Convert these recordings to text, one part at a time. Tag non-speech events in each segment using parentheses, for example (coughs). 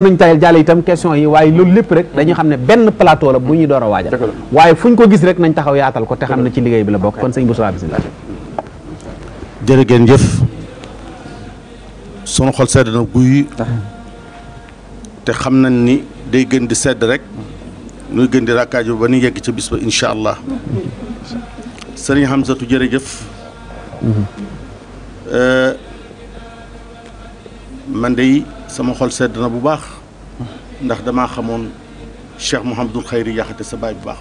nuñ tayal jàll itam question yi waaye loolu lépp rek dañu xam ne benn plateau bu ñuy door a waajal waaye fu ñu rek nañ taxaw yaatal ko te xam ne ci liggéey bi la bokk kon sëñ Boussa bismillah jërëgeen xol sedd na guy te xam nañ ni day gën di sedd rek nuy gën di rakkaaju ba nu yegg ca bis ba insha allah sëriñ Hamsatu jërëjëf mhm. euh, man day sama xol sedd na bu baax ndax damaa xamoon Cheikh Mouhamadul Xayri Jaxate sa baay bu baax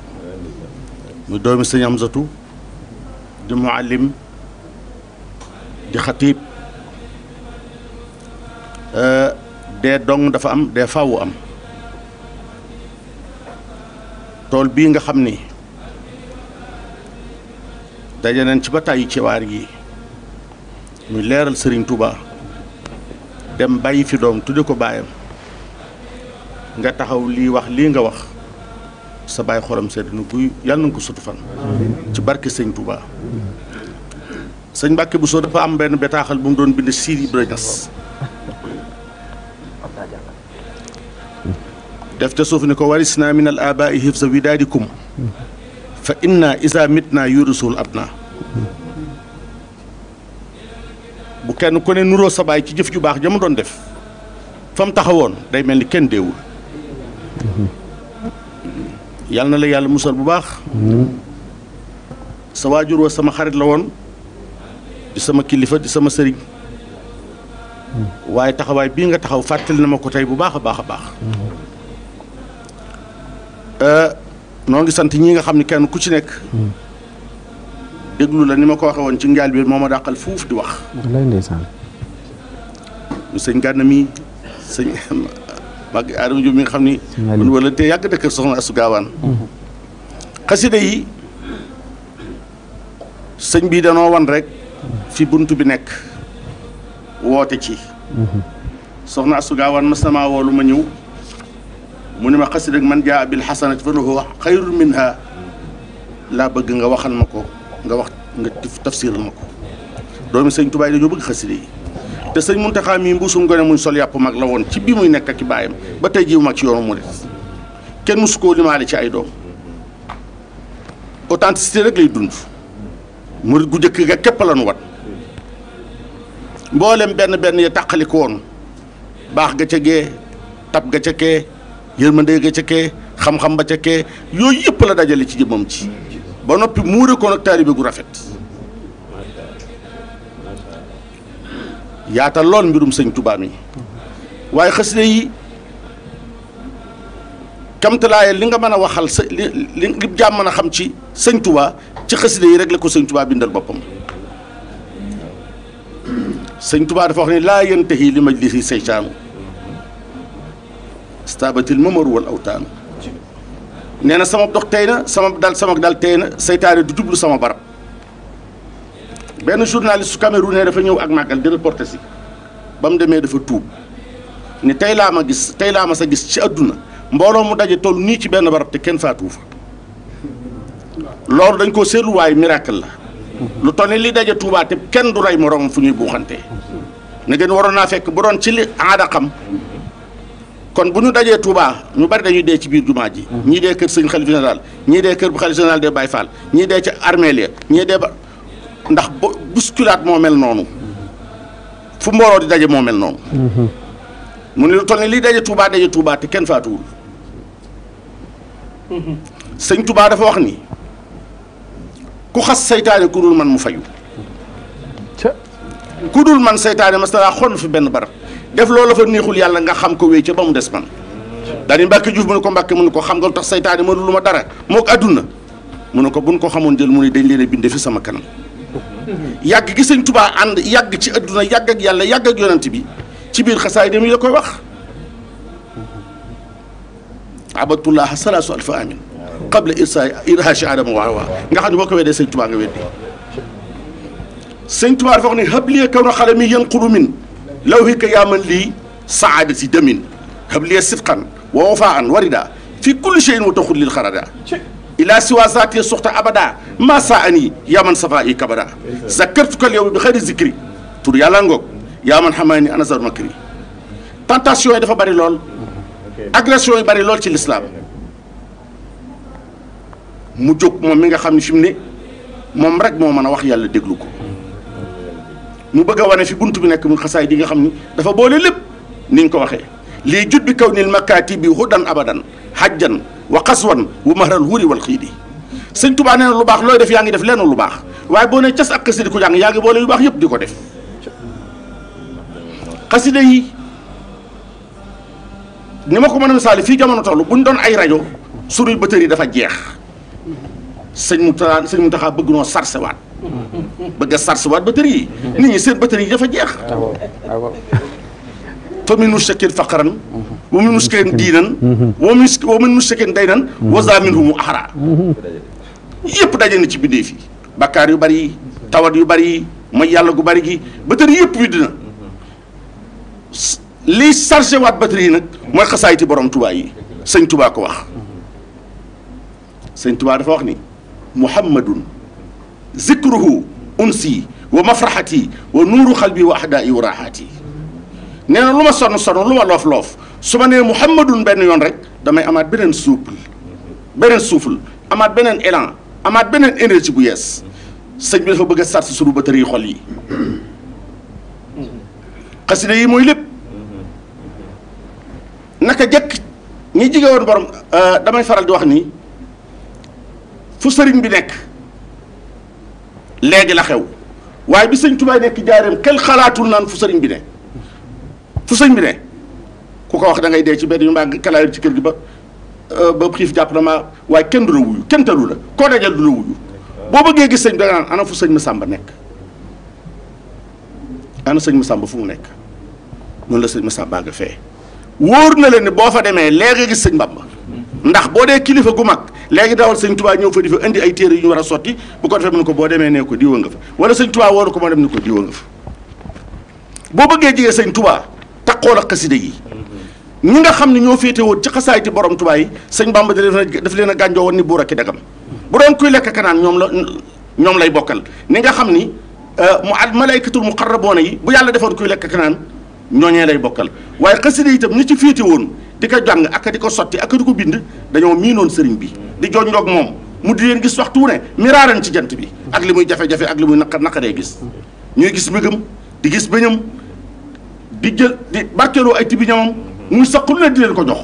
muy doomi sëñ Amzatu di muallim di xatiib eh, dee dong dafa am dee faawu am tool bii nga xam ni daje ci ba tàyyi ci waar yi muy leeral Sëriñ Tuubaa dem bàyyi fi doom tudde ko baayam nga taxaw lii wax lii nga wax sa baay xolam sedd na guy yàlla na nga ko sutu fan ci barke sëñ Touba sëñ Mbàkke Bousso dafa am benn bataaxal bu mu doon bind Sidi Ibrahima Niass def ca suuf ne ko waris naa min al abaai hifza widaadikum fa inna isa mitna yurusul abna kenn ku ne nuroo sa baay ci jëf ju baax ja mu doon def fa mu taxawoon day mel ni kenn déewul yàlla na la yàlla musal bu baax sa waajur wa sama xarit la woon di sama kilifa di sama sëriñ waaye taxawaay bii nga taxaw fàttali na ma ko tey bu baax a baax a baax eh, noo ngi sant ñi nga xam ne kenn ku ci nekk déglu la ni ma ko waxee woon ci njaal bi moo ma dàqal fuuf di wax. lay ndeysaan. sëñ Gana mi sëñ mag Adama Diop mi nga xam ni. mun wala te yàgg na kër soxna Astou mhm. xasida yi sëñ bi danoo wan rek fi bunt bi nekk woote ci. Mhm. soxna Astou Gawane mas na maa woolu ma ñëw mu ne ma xasida man jaa bil ci fa lahu xayrun minha laa bëgg nga waxal ma ko. nga wax nga tafsiral ma ko doomi sëñ Tuubaa yi dañoo bëgg xasida yi te sëñ Muntaxa mii mbuusum gone muñ sol yàpp mag la woon ci bi muy nekk ak baayam ba tey jiw mag ci yoonu murit kenn mësu koo limaale ci ay doom authenticité rek lay dund murit gu jëkk ga képp lañu wat mboolem benn benn ya tàqali ko woon baax ga ca gee tab ga ca kee yërmande ga ca kee xam-xam ba ca kee yooyu yëpp la dajale ci jëmmam ci ba noppi muure ko nag taalibe gu rafet yaatal lool mbirum sëñ Tuubaa mi waaye xasida yi kamtalaaye li nga mën a waxal li li jaam a xam ci sëñ Tuubaa ci xasida yi rek la ko sëñ Tuubaa bindal boppam sëñ Tuubaa dafa wax ne laa yantahi li majlisi seytaanu staabatil mamaru wal awtaanu nee na sama dox tey na sama dal sama dal tey na seytaane du jublu sama barab benn journaliste su camerounais dafa ñëw ak màggal di reporter si ba mu demee dafa tuub ni tey laa ma gis tey laa ma sa gis ci àdduna mbooloo mu daje toll nii ci benn barab te kenn faatu fa loolu dañ koo seetluwaay miracle la lu toll li daje Touba te kenn du rey moroom fu ñuy buuxante ne gën waroon naa fekk bu doon ci li aada xam kon bu ñu dajee Touba ñu bari dañuy dee ci biir jumaa ji mhm. ñii dee kër sëñ xalif général ñii dee kër bu xalif général de Baye Fall ñii dee ci armeel ya ñii dee ba ndax ba bousculade moo mel noonu fu mbooloo di daje moo mel noonu mhm. mu ne lu toll ni lii daje Touba daje Touba te kenn faatuwul mhm. sëñ Touba dafa wax ni ku xas seytaane ku dul man mu fayu ku dul man seytaane mas na laa fi benn barab def loolu la fa neexul yàlla nga xam ko wéy ca ba mu des man daal di juuf mu ne ko mbàkki mu ne ko xam nga lu tax saytaane mënu lu ma dara moo ko àdduna mu ne ko buñ ko xamoon jël mu dañ leen a binde fi sama kanam yàgg gi sëñ tubaa ànd yàgg ci àdduna yàgg yàlla yàgg ak bi ci biir xasaay dem koy wax abatullaah salaasu alfa amin qabla irsa irhashi adama nga xam ne boo ko weddee sëñ tubaa nga weddi sëñ tubaa dafa wax ne xale mi yanqulu min lawhika yaa man lii saadati damin habliya sidqan wa wafaan warida fi kulli cheyin wa taxul lil xarada ila siwa zaati abada ma saa ani yaa man safa i kabada bi xëyri zikri tur yàlla ngoog yaa man xamaa ni anasar makri tentation yi dafa bari lool bari lool ci lislaam mu jóg moom mi nga xam ne fi mu moom rek moo mën a wax yàlla déglu ko mu bëgg wane fi bunt bi nekk mu xasaay di nga xam ni dafa boole lépp ni nga ko waxee lii jut bi kaw nil makkaati bi hudan abadan hajjan wa qaswan wa mahral huri wal xiidi sëñ tubaa nee na lu baax looy def yaa ngi def lenn lu baax waaye boo ne cas ak xasida ku jàng yaa ngi boole yu baax yëpp di ko def xasida yi ni ma ko mën a misaali fii jamono toll bu ñu doon ay rajo sunuy bëtër yi dafa jeex sëñ mu sëñ Muntaxa bëgg noo sarsewaat bëgg a sarse waat batterie yi. Mhm. nit ñi seen batterie yi dafa jeex. Ah ah fa min mushrikin faqran mhm. wa min mushrikin diinan mhm. wa min mushrikin daynan wa daje na ci bindee fii yu bari yi tawat yu bari ma mooy yàlla gu bari gi batterie yëpp wi dina liy chargé waat batterie yi nag mooy xasaayiti borom tubaa yi sëñ tubaa ko wax sëñ tubaa dafa wax ni muhammadun zikruhu unsi wa mafraxati wa nuuru xalbi wa ahdaai wa raaxaati nee lu ma sonn sonn lu ma loof loof su ma nee muhammadun benn yoon rek damay amaat beneen souffle beneen souffle amaat beneen élan amaat beneen énergie bu yees sëñ bi dafa bëgg a sar si sunu xol yi xasida yi mooy lépp naka jëkk ñi jige woon euh, damay faral di wax ni fu sëriñ bi nekk léegi la xew waaye bi sëñ Tuubaa nekk jaareem kenn xalaatul naan fu sëriñ bi ne fu sëñ bi ne ku ko wax da ngay dee ci benn yu mbaa kalaayam ci kër gi ba euh, ba xiif jàpp na ma waaye kenn du la wuyu kenn talu la koo dajal du la wuyu boo bëggee gis sëñ da nga naan ana fu sëñ Masamba nekk ana sëñ Masamba fu mu nekk noonu la sëñ Masamba nga fee wóor na leen ne boo fa demee léegi gis sëñ Bamba ndax boo dee kilifa gu mag léegi dawal sëñ tubaa ñëw fa di fa indi ay téere yu ñu war a sotti bu ko defee mu ko boo demee ne ko diwa nga fa wala sëñ tubaa woonu ko ma dem ne ko diwa nga fa boo bëggee jigee sañ tubaa taxool ak xasida yi ñi nga xam ne ñoo féete woon ci xasaayiti borom tubaa yi sëñ bàmba daf leen a gànjoo ni buur ak dagam bu doon kuy lekk kanaan ñoom la ñoom lay bokkal ni nga xam ni euh, mu al malaaykatul muqarraboona yi bu yàlla defoon kuy lekk kanaan ñooñee lay bokkal waaye xasida itam ñi ci féete woon di ko jàng ak di ko sotti ak di ko bind dañoo miinoon sëriñ bi di jooj ndoog moom mu di leen gis waxtu wu ne miraaran ci jant bi ak li muy jafe-jafe ak li muy naq naqaree gis ñuy gis mbégam di gis bëñam di jël di barkeeloo ay tibi ñamam muy saqul ne di leen ko jox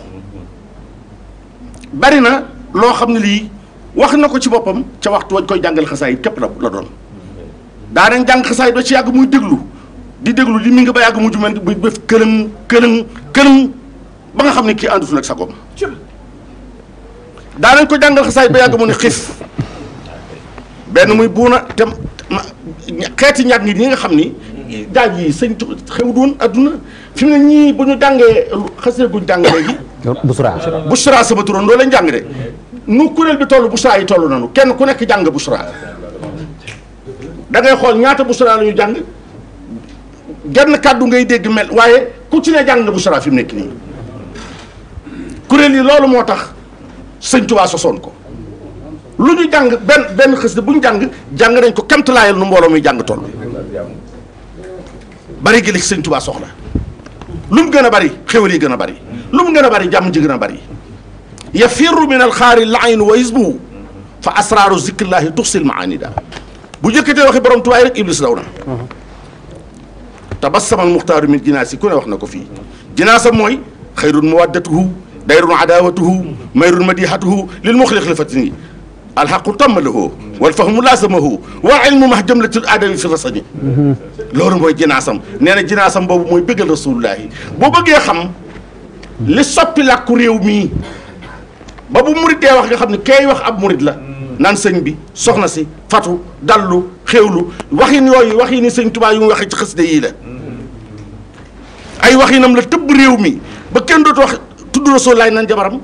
bari na loo xam ne lii wax na ko ci boppam ca waxtu wañ koy jàngal xasaayit képp la la doon daanañ jàng xasaayit ba ci yàgg muy déglu di déglu li mi nga ba yàgg mu jumen bu def këlëng ba nga xam ne kii àndutu nag sagoom daanañ ko jàngal xasaay ba yàgg mu ne xiif benn muy buuna te xeeti ñaat nit ñi nga xam ni daaj yi sëñ xew doon adduna fi mu ne ñii bu ñu jàngee xasee guñ jàng léegi Bouchra (coughs) Bouchra sama turoon loolu lañ jàng de nu kuréel bi toll Bouchra yi toll nanu kenn ku nekk jàng Bouchra da xool ñaata Bouchra la jàng genn kàddu ngay dégg mel waaye ku ci ne jàng na fi mu nekk nii kuréel yi loolu moo tax sëñ Tuubaa sosoon ko lu ñu jàng benn benn xës bu ñu jàng jàng nañ ko kemtalaayal nu mbooloo muy jàng toll bari gi li sëñ Tuubaa soxla lu mu gën a bari xéwal yi gën a bari lu mu gën a bari jàmm ji gën a bari yafirru min alxaari lain wa isbuhu fa asraaru zikrillahi tuxsil maanida bu jëkkatee waxi borom tubaay rek iblis daw na tabassama almuxtaaru min jinaasi ku ne wax na ko fii jinaasa mooy xayrun mawaddatuhu dayrun adawatuhu mayrun madihatuhu lil muxliq li fatini alxaqu tammalahu wal fahmu laasamahu wal ilmu max jëmlatul aadawi fi rasani loolu mooy jinaasam nee na jinaasam boobu mooy bëggal rasulullahi boo bëggee xam li soppi làkku réew mii ba bu murit dee wax nga xam ne kay wax ab murit la naan sëñ bi soxna si fatu dallu xéewlu waxin yooyu wax yi ni sëñ Tuubaa yu mu waxee ci xasida yii la ay waxinam la tëbb réew mi ba kenn dootu wax tudd Rasulullah nan jabaram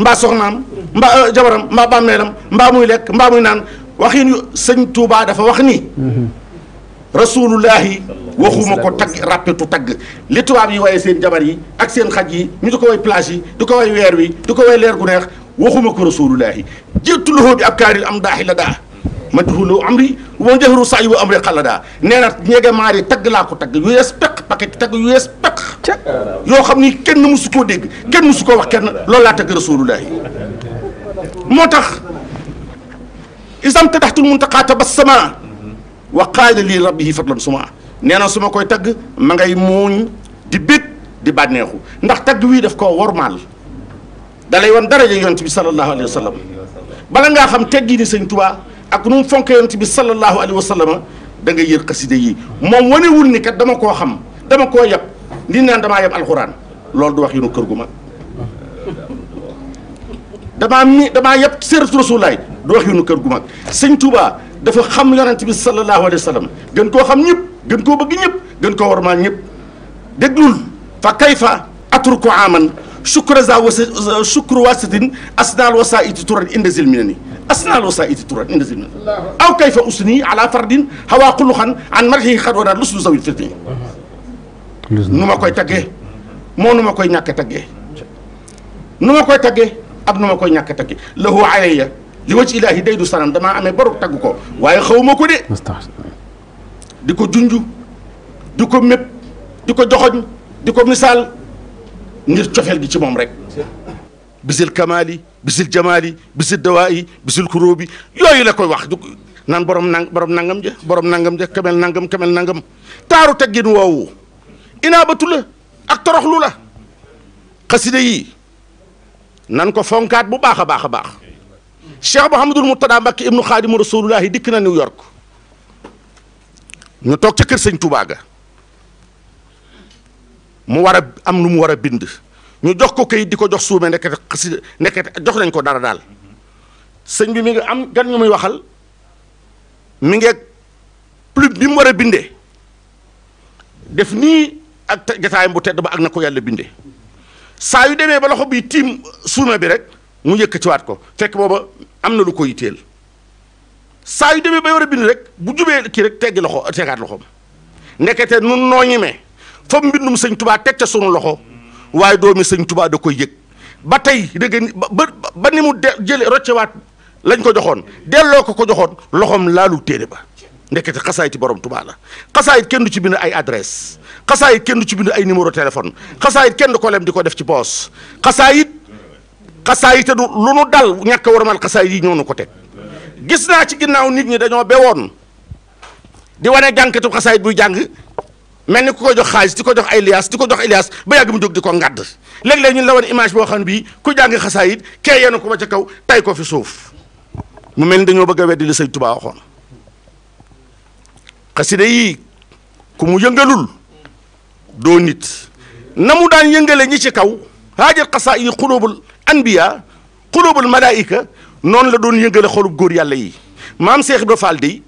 mbaa soxnaam mbaa euh, jabaram mbaa bàmmeelam mbaa muy lekk mbaa muy naan waxin yu sëñ Touba dafa wax ni. rasulullahi waxuma ko tagg ràppetu tagg li tubaab yi waaye seen jabar yi ak seen xaj yi ñu di ko way plage yi di ko way weer wi di ko way leer gu neex waxuma ko rasulullahi jéttuloo bi ab kaaril am daaxi la daa majhulu amri wa jahru sa'i wa amri xalada nee na ñeege maari tagg laa ko tagg yu yees peq paquet tagg yu yees peq yoo xam ni kenn musu koo dégg kenn musu koo wax kenn loolu laa tagg rasulullahi moo tax isam tadaxtul ba sama wa qaala lii rabbihi fadlan suma nee na su koy tagg ma ngay muuñ di bég di bànneexu ndax tagg wii daf koo wormaal dalay wan daraja yonent bi sallallahu alayhi wa sallam bala ngaa xam teggi ni sëñ Tuubaa ak nu mu fonk yonent bi sallallahu alayhi wa sallam da nga yër xaside yi moom wanewul ni kat dama koo xam dama koo yab li naan damaa yab alxuraan loolu du wax yu nu kër gu mag damaa mi damaa yab sëriñ rasulaay du wax yu nu kër gu mag sëñ Touba dafa xam yonent bi sallallahu alayhi wa sallam gën koo xam ñëpp gën koo bëgg ñëpp gën koo warmaal ñëpp déglul fa kayfa atruku aman shukra za wasa shukru wasatin asnaal wasaiti turan inda zilmina ni asnal wasaidi turan inda zilmi aw kayfa usni ala fardin hawa xuluxan an marhi xadwana lusnu zawil firdi nu ma koy taggee moo nu koy ñàkk taggee nu ma koy taggee ak nu koy ñàkk taggee lahu li waj ilaahi day du sanam damaa amee borom tagg ko waaye xawma ko de di ko junj di ko mépp di ko joxoñ di ko misaal ngir cofeel gi ci moom rek bisil kamaali bisil jamaali bisil dawaayi bisil kuróobi yooyu la koy wax du naan borom nang borom nangam ja borom nangam ja kamel nangam kamel nangam taaru teggin woowu inaabatu la ak toroxlu la xasida yi nan ko fonkaat bu baax a baax a baax Cheikh Mouhamadul Murtada Mbacke ibnu Xaadimu Rasulullahi dikk na New York ñu toog ca kër sëñ Touba mu war a am lu mu war a bind ñu jox ko kayit di ko jox suume ndekete xasida ndekete jox nañ ko dara daal sëñ bi mi ngi am gan ñu muy waxal mi ngi plume bi mu war a bindee def nii ak jataayam bu tedd ba ak na ko yàlla bindee saa yu demee ba loxo bi tiim suume bi rek mu yëkkatiwaat ko fekk booba am na lu ko yitteel saa yu demee ba war a bind rek bu jubee kii rek teggi loxo tegaat loxoom ndekete nun noo ñemee fa mbindum sëñ tubaa teg ca sunu loxo waaye doomi sëñ tubaa da koy yëg ba tey dëgg ba ba ni mu de jële roccewaat lañ ko joxoon delloo ko ko joxoon loxoom laalul téere ba ndekete xasaayit borom tubaa la xasaayit kenn du ci bind ay adresse xasaayit kenn du ci bind ay numéro téléphone xasaayit kenn du ko lem di ko def ci poos xasaayit xasaayit du lu nu dal ñàkk a warmal xasaayit yi ñoo nu ko teg gis naa ci ginnaaw nit ñi dañoo bewoon di wane jànkatu xasaayit buy jàng mel ni ku ko jox xaalis di ko jox ay liaas di ko jox ilias ba yàgg mu jóg di ko ngàdd léeg-léeg ñun la woon image boo xam bii ku jàng xasaayit kee yenu ko ba ca kaw tay ko fi suuf mu mel ni dañoo bëgg a weddi la sëñ Tuubaa waxoon xasida yii ku mu yëngalul doo nit na mu daan yëngale ñi ci kaw haajal xasaa yi xulóobul anbiya xulóobul malaayika noonu la doon yëngale xolub góor yàlla yi maam Seex Ibra Faal dey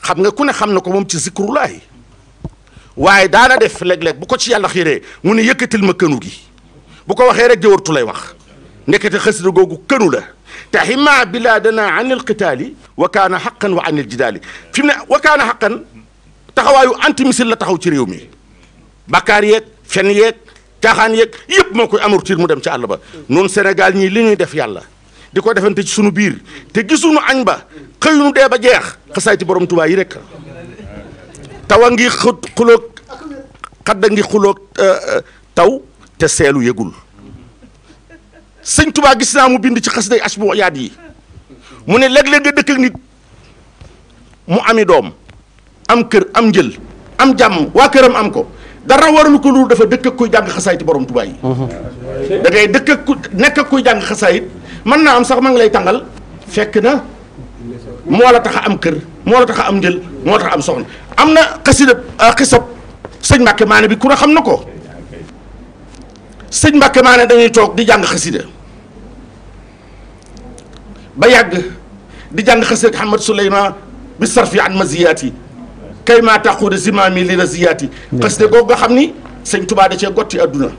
xam nga ku ne xam na ko moom ci zikrulaay waaye daana def léeg-léeg bu ko ci yàlla xiiree mu ne yëkkatil ma kënu gi bu ko waxee rek jëwartu lay wax ndekete xasida googu kënu la te xima bilaadana an alqitaali wa kaana xaqan wa an aljidaali fi mu ne wa kaana xaqan taxawaayu anti misil la taxaw ci réew mi bakkaar yeeg fen yeeg caaxaan yeeg yëpp moo koy amortir mu dem ci àll ba noonu Sénégal ñii li ñuy def yàlla di ko defante ci sunu biir te gisuñu añ ba xëyunu dee ba jeex xasaay ci borom Tuubaa yi rek taw a ngi xut xuloog xadda ngi xuloog euh, euh, taw te seelu yëgul sëñ tubaa gis naa mu bind ci xasiday asbu yaat yi mu ne léeg-léeg dëkk nit mu ami doom am kër am njël am jàmm waa këram am ko dara waralu ko loolu dafa dëkk ak kuy jàng xasaayit borom tubaa yi mhm. da ngay dëkk ak ku nekk ak kuy jàng xasaayit mën naa am sax ma ngi lay tàngal fekk na moo la tax am kër moo la tax am njël moo tax am soxna am na xasida ah, xisab sëñ Mbàkke Maane bi ku ne xam na ko sëñ Mbàkke Maane dañuy toog di jàng xasida ba yàgg di jàng xasida Ahmad Suleyman bi sarfi an maziyaati kay maa taxuude zimaami li raziyaati xasida googu nga xam ni sëñ Tubaa da cee gotti adduna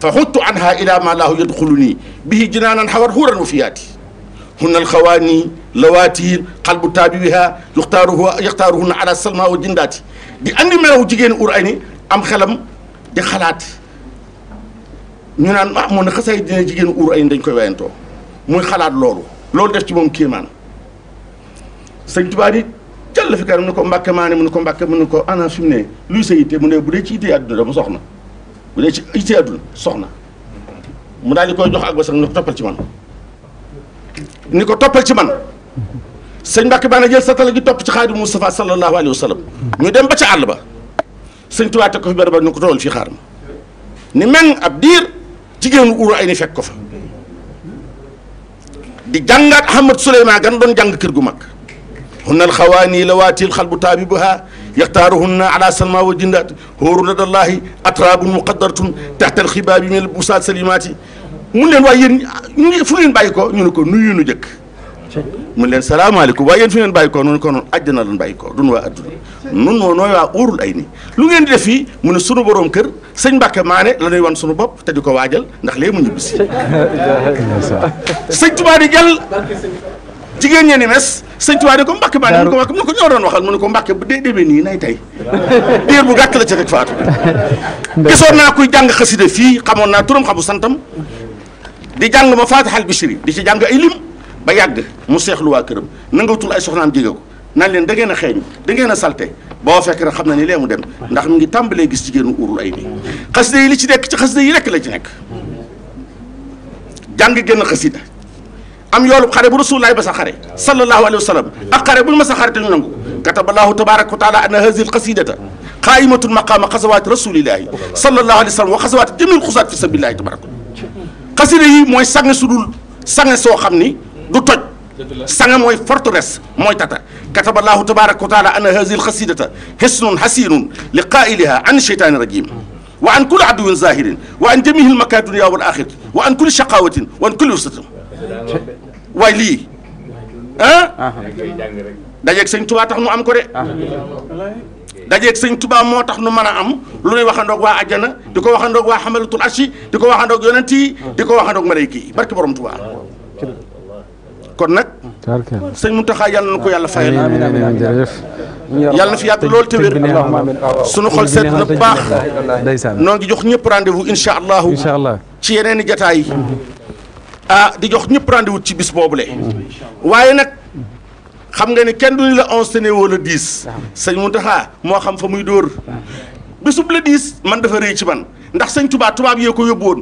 fa xuttu anha ila ma laahu yadxulu nii bihi jinaanan xawar xuuran wa fiyaati hunna alxawaani lawaati xal bu taabiwiha yuxtaaruhu yaxtaaruhunna ala salma wa jindaati di andi melawu jigéen ur ay ni am xelam di xalaat ñu naan ah moo ne xasaay dina jigéen ur ay ni dañ koy wayantoo muy xalaat loolu loolu def ci moom kéemaan sëñ Tuubaa di jàll fi kanam mu ne ko mbàkke maa ne mu ne ko mbàkke mu ne ko ana fi mu ne luy sa yitte mu ne bu dee ci yitte àdduna dama soxna soxna mu daal di koy jox ak ba ni ko toppal ci man ni ko toppal ci man sëñ Mbàkke baa na jël satala gi topp ci xaadimu Mustafa sallallahu alayhi wa sallam ñu dem ba ca àll ba sëñ Tuubaa teg ko fi benn ba ñu ko toogal fii xaar ma ni men ab diir jigéenu uru ay ni fekk ko fa di jàngaat Ahmad Souleymane gan doon jàng kër gu mag hunnal xawaani lawaatil xalbu taabibuha yaxtaaruhunna ala salma wa jindaat hóoru ladallahi atraabun muqaddaratun taxta alxibaabi min albusaat salimaati mun leen waaye yéen ñu fu ngeen bàyyi ko ñu ne ko nuyu nu jëkk mun leen salaamaaleykum waaye yéen fi ngeen bàyyi ko noonu ko noonu àjjana lan bàyyi ko dun waa adduna nun noo nooy waa óorul ay ni lu ngeen di def fii mu ne sunu borom kër sëñ Mbàkke maane la nuy wan sunu bopp te di ko waajal ndax léegi mu ñibbisi sëñ Tuubaa di jàll jigéen ñee ni mes sëñ Tuubaa di ko Mbàkke maane mu ko Mbàkke mu ne ko ñoo doon waxal mu ne ko Mbàkke bu dee demee nii nay tey diir bu gàtt la ca rek faatu gisoon naa kuy jàng xasida fii xamoon naa turam xamu santam di jàng ma faatihal bishri di ci jàng ay lim ba yàgg mu seexlu waa këram nangatul ay soxnaam jege ko naan leen da ngeen a xeeñ da ngeen a salte boo fekk rek xam na ni lee mu dem ndax mu ngi tàmbalee gis jigéenu urul ay ni xasida yi li ci nekk ci xasida yi rekk la ci nekk jàng génn xasida am yoolub xare bu rasulullahi ba sa xare sallallahu alayhi wa sallam ak xare buñu ma sa xare te ñu nangu kataballahu tabaraka wa taala anna hazihi alqasidata qaimatun maqama xasawaati rasulillahi sallallahu alayhi wa sallam wa xasawaati jamil xusaat fi sabilillahi tabaraka xasida yi mooy sange sudul sange soo xam ni du toj sanga mooy forteresse mooy tata kataba laahu tabaraka wa taala anna hazihi alxasidata hisnun hasinun li qailiha an sheytani rajim wa an kulli aduwin zahirin wa an jamihi lmaka dunia wal axirati wa an kulli shaqawatin wa an kulli usatin waay lii ah dajeeg sëñ tubaa tax mu am ko de dajeeg sëñ tubaa moo tax nu mën a am lu ñuy waxandoog waa ajjana di ko waxandoog waa xamalatul arshi di ko waxandoog yonent yi di ko waxandoog malayka yi barki borom tubaa kon nag. sañ sëñ Mountakha yàlla na ko yàlla fayal. yàlla na fi yàgg lool te wér. sunu xol seet na baax. noo ngi jox ñëpp rendez-vous incha allahu. ci yeneen i jataay yi. ah di jox ñëpp rendez ci bis boobu boobule. waaye nag xam nga ni kenn duñu la onze tene wala sañ sëñ Mountakha moo xam fa muy dóor. bisub la dix man dafa rëy ci man ndax sañ Tuubaa tubaab yee ko yóbbu woon